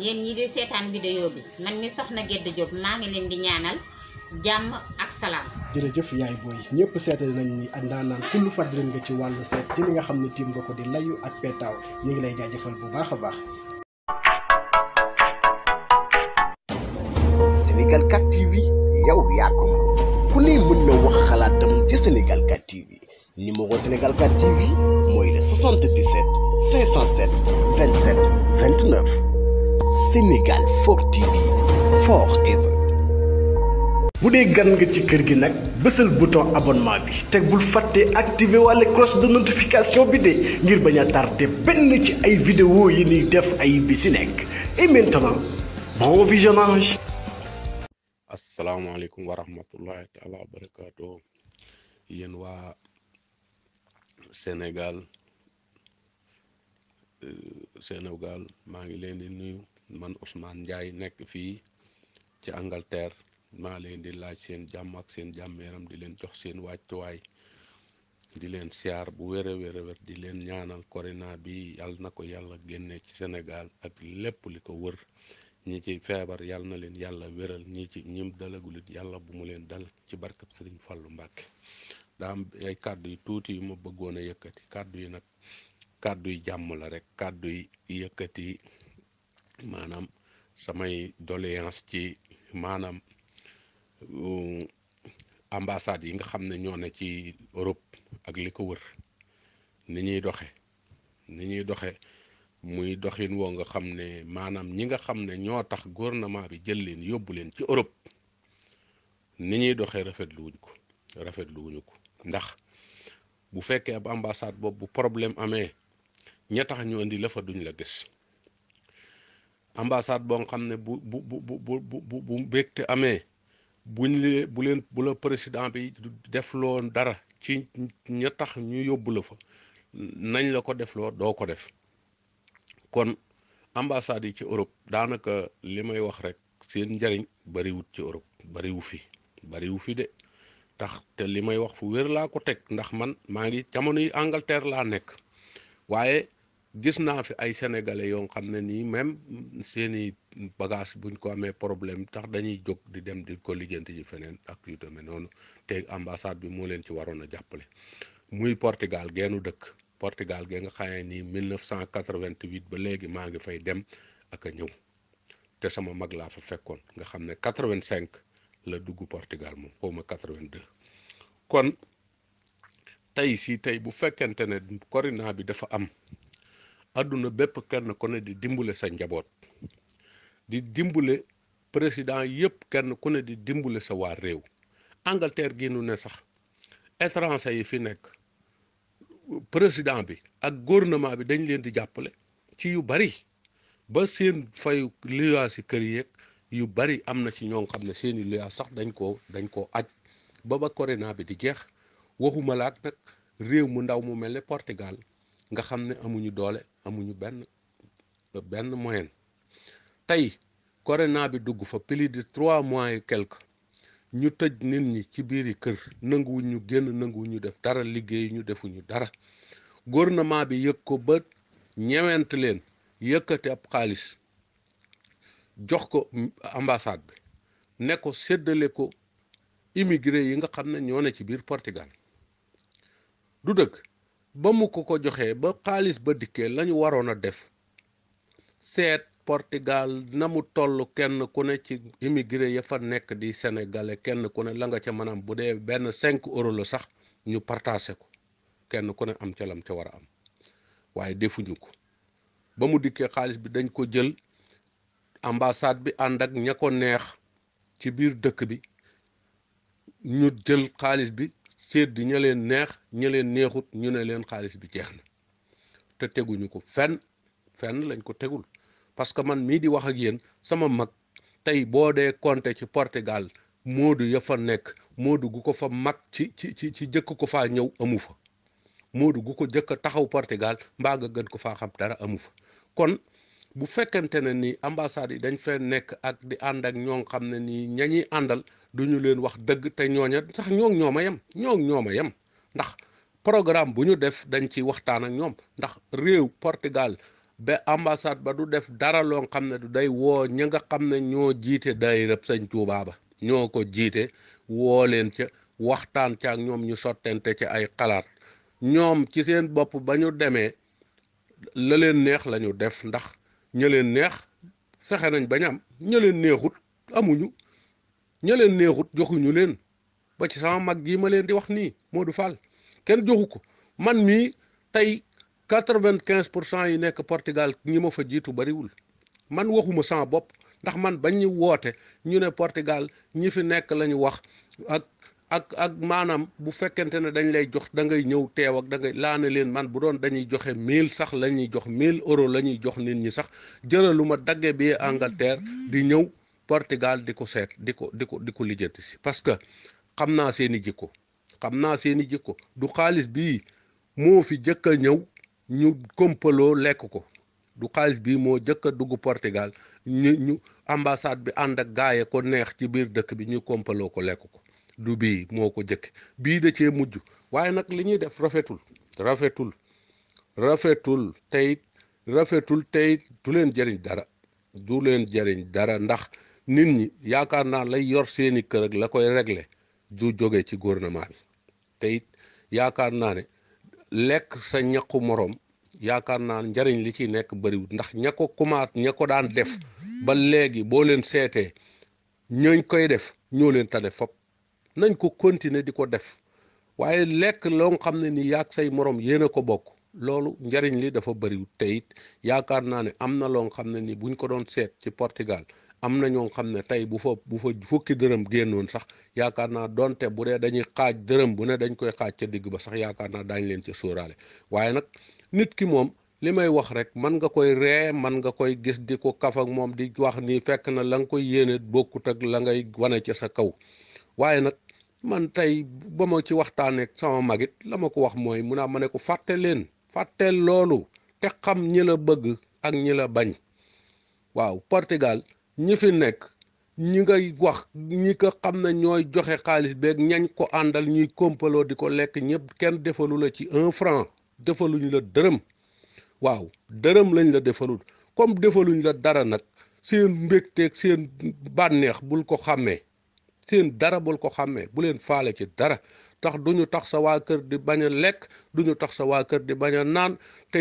yéen ñi di seetaan vidéo bi man mi soxna Gédd Diop maa ngi leen di ñaanal jàmm ak salaam. jërëjëf yaay booy ñëpp seete nañ ni ndaanaan kullu fadrin nga ci wàllu seet ci li nga xam ne tiim nga ko di layu ak peetaaw ñu ngi lay jaajëfal bu baax a baax. Sénégal 4 TV yow yaa ko ku ne mën na wax xalaatam ci Sénégal 4 TV numéro Sénégal 4 TV mooy le 77 507 Sénégal bu dee gan nga ci kër gi nag bésal bouton abonnement bi teg bul fàttee activé walla cloche de notification bi de ngir bañ a benn ci ay vidéo yi ni def ay bi si nekk et maintenant bon visionnage. asalaamaaleykum wa rahmatullahi taala wa barakaatu yéen waa Sénégal. Euh, Sénégal maa ngi leen di nuyu man Ousmane Ndiaye nekk fii ci Angleterre maa leen di laaj seen jàmm ak seen jàmm di leen jox seen wàccuwaay di leen siyaar bu wéré wéré wér di leen ñaanal corona bi yàlla na ko yàlla génne ci Sénégal ak lépp li ko wër ñi ci feebar yàlla na leen yàlla wéral ñi ci ñim dalagulit yàlla bu mu leen dal ci barkab Serigne Fallou Mbàkke daa am ay kàddu yu tuuti yu ma bëggoon a yëkkati kàddu yi nag kàdduy jàmm la rek kàdduy yëkkati maanaam samay doléance ci maanaam euh, ambassade yi nga xam ne ñoo ne ci Europe ak li ko wër ni ñuy doxe ni ñuy doxe muy doxin woo nga xam ne maanaam ñi nga xam ne ñoo tax gouvernement bi jël leen yóbbu leen ci Europe ni ñuy doxee rafetlu wuñ ko rafetlu wuñu ko ndax bu fekkee ab ambassade boobu problème amee ña tax ñu indi la fa duñ la gis ambassade boo xam ne bu bu bu bu bu bu amee buñ lee bu leen bu la président bi def loo dara ci ña tax ñu yóbbu la fa nañ la ko def loo doo ko def kon ambassade yi ci Europe daanaka li may wax rek seen njariñ bariwut ci Europe bariwu fi bariwu fi de tax te li may wax fu wér laa ko teg ndax man maa ngi jamono yi Angleterre laa nekk waaye gis naa fi ay sénégalais yoo xam ne nii même seeni bagage buñ ko amee problème tax dañuy jóg di dem di ko lijjanti ji feneen ak yu demee noonu te ambassade bi moo leen ci waroon a jàppale muy Portugal geenu dëkk Portugal gee nga xamee nii 1988 ba léegi maa ngi fay dem ak ñëw te sama mag laa fa fekkoon nga xam ne 85 la dugg Portugal moom xaw ma 82 kon tey si tey bu fekkente ne corona bi dafa am adduna bépp kenn ku ne di dimbale sa njaboot di dimbale président yépp kenn ku ne di dimbale sa waa réew Angleterre gi nu ne sax étranger yi fi nekk président bi ak gouvernement bi dañ leen di jàppale ci yu bari ba seen fayu luyaa si kër yeeg yu bari am na ci ñoo xam ne seeni luyaa sax dañ koo dañ koo aj ba ba corona bi di jeex waxuma la nag réew mu ndaw mu mel ne Portugal nga xam ne amuñu doole amuñu benn benn moyen tey corona bi dugg fa plus de trois mois et quelque ñu tëj nit ñi ci biir biiri kër nanguwuñ ñu génn nanguwuñ ñu def dara liggéey ñu defuñu dara gouvernement bi yëg ko ba ñewent leen yëkkati ab xaalis jox ko ambassade bi ne ko séddale ko immigré yi nga xam ne ñoo ne ci biir Portugal du dëkk ba mu ko ko joxee ba xaalis ba dikkee lañu waroon a def seet Portugal na mu toll kenn ku ne ci immigré ya fa nekk di sénégalais kenn ku ne la nga ca maanaam bu dee benn cinq euro la sax ñu partagé ko kenn ku ne am ca lam ca war a am waaye defuñu ko ba mu dikkee xaalis bi dañ ko jël ambassade bi ànd ak ña ko neex ci biir dëkk bi ñu jël xaalis bi sédd ña leen neex ña leen neexut ñu ne leen xaalis bi jeex na te teguñu ko fenn fenn lañ ko tegul parce que man mii di wax ak yéen sama mag tey boo dee compté ci Portugal moodu ya fa nekk moodu gu ko fa mag ci ci ci ci jëkk ko faa ñëw amu fa moodu gu ko jëkk taxaw Portugal mbaa nga gën ko faa xam dara amu fa kon bu fekkente ne ni ambassades yi dañ fee nekk ak di ànd ak ñoo xam ne nii ña ñuy àndal du ñu leen wax dëgg te ñooña sax ñoom ñoo ma yem ñoom ñoo ma yem ndax programme bu ñu def dañ ci waxtaan ak ñoom ndax réew Portugal ba ambassade ba du def dara loo xam ne du day woo ña nga xam na ñoo jiite daayirab sañ Tuubaa ba ñoo ko jiite woo leen ca waxtaan ca ak ñoom ñu sottente ca ay xalaat ñoom ci seen bopp ba ñu demee la leen neex la ñu def ndax. ña neex saxe nañ bañ am ña leen neexut amuñu ña leen neexut joxuñu leen ba ci sama mag gii ma leen di wax nii Modou Fall kenn joxu ko man mii tey quatre-vingt-quinze pour cent yi nekk Portugal ñi ma fa jiitu bariwul man waxuma sama bopp ndax man bañ ñu woote ñu ne Portugal ñi fi nekk lañu wax ak ak ak maanaam bu fekkente ne dañ lay jox da ngay ñëw teew ak da ngay laana leen man bu doon dañuy joxe mille sax la ñuy jox mille euro lañuy jox nit ñi sax jëlalu ma dagge bi Angleterre di ñëw Portugal di ko seet di ko di ko di ko lijjanti si parce que xam naa seeni jikko xam naa seeni jikko du xaalis bi moo fi jëkk a ñëw ñu kompaloo lekk ko du xaalis moo jëkk a dugg Portugal ñu ñu bi ànd ak gaaye ko neex ci biir dëkk bi ñu kompaloo ko lekk ko du bii moo ko jëkk bii da cee mujj waaye nag li ñuy def rafetul rafetul rafetul tey rafetul tey du leen jëriñ dara du leen jëriñ dara ndax nit ñi yaakaar naan lay yor seeni kër ak la koy regle du jóge ci gouvernement bi tey yaakaar naa ne lekk sa ñaqu morom yaakaar naa njëriñ li ciy nekk bëriwul ndax ña ko kumaat ña ko daan def ba léegi boo leen seetee ñooñ koy def ñoo leen tane fop nañ ko continuer di ko def waaye lekk loo xam ne ni yaag say morom yéen ko bokk loolu njariñ li dafa bëriw te yaakaar naa ne am na loo xam ne ni buñ ko doon seet ci Portugal am na ñoo xam ne tey bu fa bu fa fukki dërëm génnoon sax yaakaar naa donte bu dee dañuy xaaj dërëm bu ne dañ koy xaaj ca digg ba sax yaakaar naa daañ leen ci sóoraale waaye nag nit ki moom li may wax rek man nga koy ree man nga koy gis di ko kaf ak moom di wax ni fekk na la nga koy yéene bokkut ak la ngay wane ci sa kaw waaye nag man tey ba ma ci waxtaanee sama magit la ma ko wax mooy mu naa ma ne ko fàtte leen fàtteel loolu te xam ñi la bëgg ak ñi la bañ waaw Portugal ñi fi nekk ñi ngay wax ñi ko xam na ñooy joxe xaalis beeg ñañ ko àndal ñuy kompaloo di ko lekk ñëpp kenn defalu la ci un franc defaluñu la dërëm waaw dërëm lañ la defalul comme defaluñ la dara nag seen mbégteeg seen bànneex bul ko xàmmee seen dara bul ko xàmmee bu leen faale ci dara tax du ñu tax sa waa kër di bañ a lekk du ñu tax sa waa kër di bañ a naan te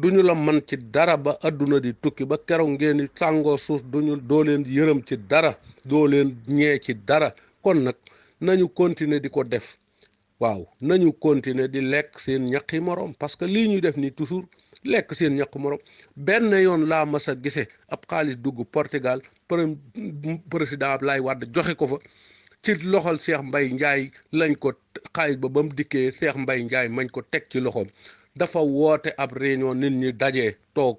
du ñu la man ci dara ba àdduna di tukki ba keroog ngeen di sàngoo suuf du ñu doo leen yërëm ci dara doo leen ñee ci dara kon nag nañu continuer di ko def waaw nañu continuer di lekk seen ñaqi moroom parce que lii ñuy def nii toujours lekk seen ñàkk morom benn yoon laa mas a gisee ab xaalis dugg Portugal président Abdoulaye wadd joxe ko fa ci loxol Cheikh mbay Ndiaye lañ ko xaalis ba bam dikkee Cheikh mbay Ndiaye mañ ko teg ci loxoom dafa woote ab réunion nit ñu dajee toog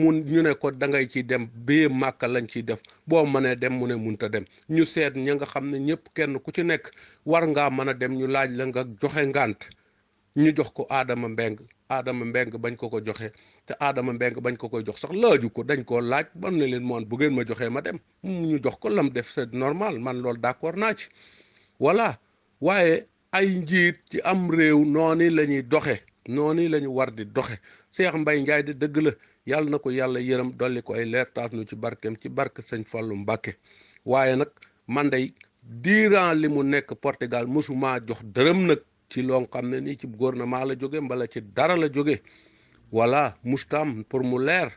mun ñu ne ko da ngay ciy dem bee màkk lañ ciy def boo mënee dem mu ne munta dem ñu seet ña nga xam ne ñëpp kenn ku ci nekk war ngaa mën a dem ñu laaj la nga joxe ngànt ñu jox ko aadama Mbeng Adama Mbeng bañ ko ko joxe te Adama Mbeng bañ ko koy jox sax laaju ko dañ koo laaj man ne leen moon bu ngeen ma joxee ma dem mu ñu jox ko lam def seet normal man loolu d'accord naa ci voilà waaye ay njiit ci am réew noonu la ñuy doxe noonu la ñu war di doxe Cheikh Mbaye Ndiaye di dëgg la yàlla na ko yàlla yërëm dolli ko ay leer taaf nu ci barkeem ci barke sañ Fallou mbake waaye nag man day diiran li mu nekk Portugal mosuma jox dërëm nag ci loo xam ne nii ci na maa la jóge mbala ci dara la jóge voilà mustam pour mu leer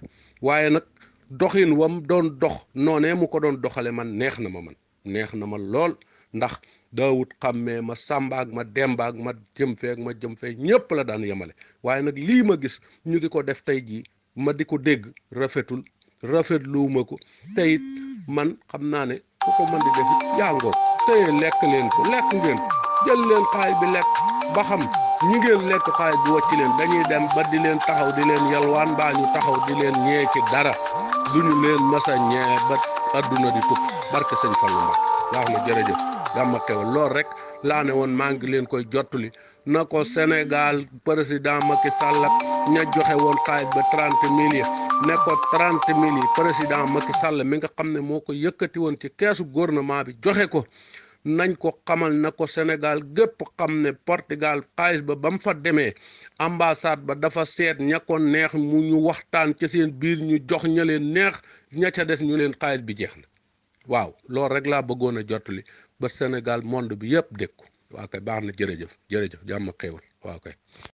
waaye nag doxin wam doon dox noonee mu ko doon doxale man neex na ma man neex na ma lool ndax daawut xàmmee ma sàmbaag ma dembaag ma jëm feeg ma jëm feeg ñépp la daan yemale waaye nag lii ma gis ñu di ko def tey jii ma di ko dégg rafetul rafetluwuma ko tey man xam naa ne ku ko mën di def yaa ngoog tey lekk leen ko lekk ngeen jël leen xaay bi lekk ba xam ñi ngeen lekk xaay bi wàcc leen dañuy dem ba di leen taxaw di leen yalwaan mbaa ñu taxaw di leen ñee ci dara duñu leen mës a ñee ba adduna di tukk barke sëñ Fallou Mbacké wax na jërëjëf Gamma Kebe loolu rek laa ne woon maa ngi leen koy jottali na ko senegal président Macky Sall ak ña joxe woon xaay ba trente millions ne ko trente millions président Macky Sall mi nga xam ne moo ko yëkkati woon ci keesu gouvernement bi joxe ko. nañ ko xamal na ko senegal gépp xam ne Portugal xaalis ba ba mu fa demee ambassade ba dafa seet ña ko neex mu ñu waxtaan ca seen biir ñu jox ña leen neex ña ca des ñu leen xaalis bi jeex na waaw loolu rek laa bëggoon a jottali ba Sénégal monde bi yépp dégg ko waaw baax na jërëjëf jërëjëf jàmm xéewal waaw kay